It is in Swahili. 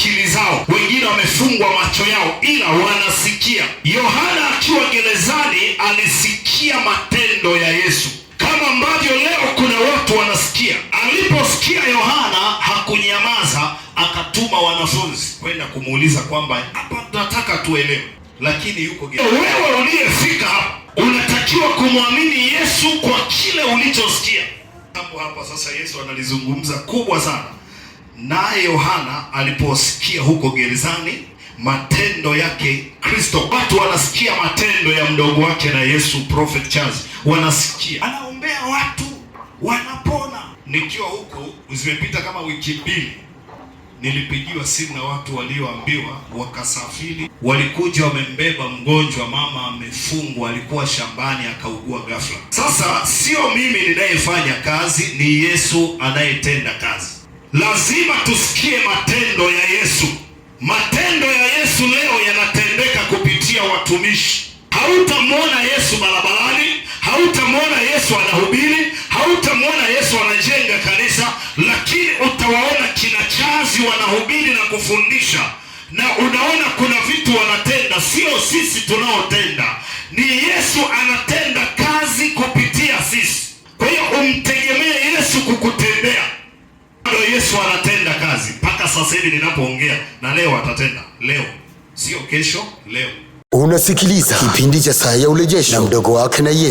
akili zao, wengine wamefungwa macho yao, ila wanasikia. Yohana akiwa gerezani alisikia matendo ya Yesu kama ambavyo leo kuna watu wanasikia. Aliposikia Yohana hakunyamaza, akatuma wanafunzi kwenda kumuuliza kwamba hapa tunataka tuelewe, lakini yuko Wewe uliyefika hapa unatakiwa kumwamini Yesu kwa kile ulichosikia hapo. Hapa sasa Yesu analizungumza kubwa sana Naye Yohana aliposikia huko gerezani matendo yake Kristo, watu wanasikia matendo ya mdogo wake na Yesu, Prophet Charles, wanasikia anaombea watu wanapona. Nikiwa huko zimepita kama wiki mbili, nilipigiwa simu na watu walioambiwa wakasafiri, walikuja wamembeba mgonjwa, mama amefungwa, alikuwa shambani akaugua ghafla. Sasa sio mimi ninayefanya kazi, ni Yesu anayetenda kazi. Lazima tusikie matendo ya Yesu. Matendo ya Yesu leo yanatendeka kupitia watumishi. Hautamwona Yesu barabarani, hautamwona Yesu anahubiri, hautamwona Yesu anajenga kanisa, lakini utawaona kina chazi wanahubiri na kufundisha, na unaona kuna vitu wanatenda. Sio sisi tunaotenda, ni Yesu anatenda kazi kupitia sisi. Kwa hiyo umtegemee Yesu kukutea Yesu anatenda kazi mpaka sasa hivi ninapoongea, na leo atatenda, leo sio kesho, leo. Unasikiliza kipindi cha Saa ya Urejesho na mdogo wake na Yesu.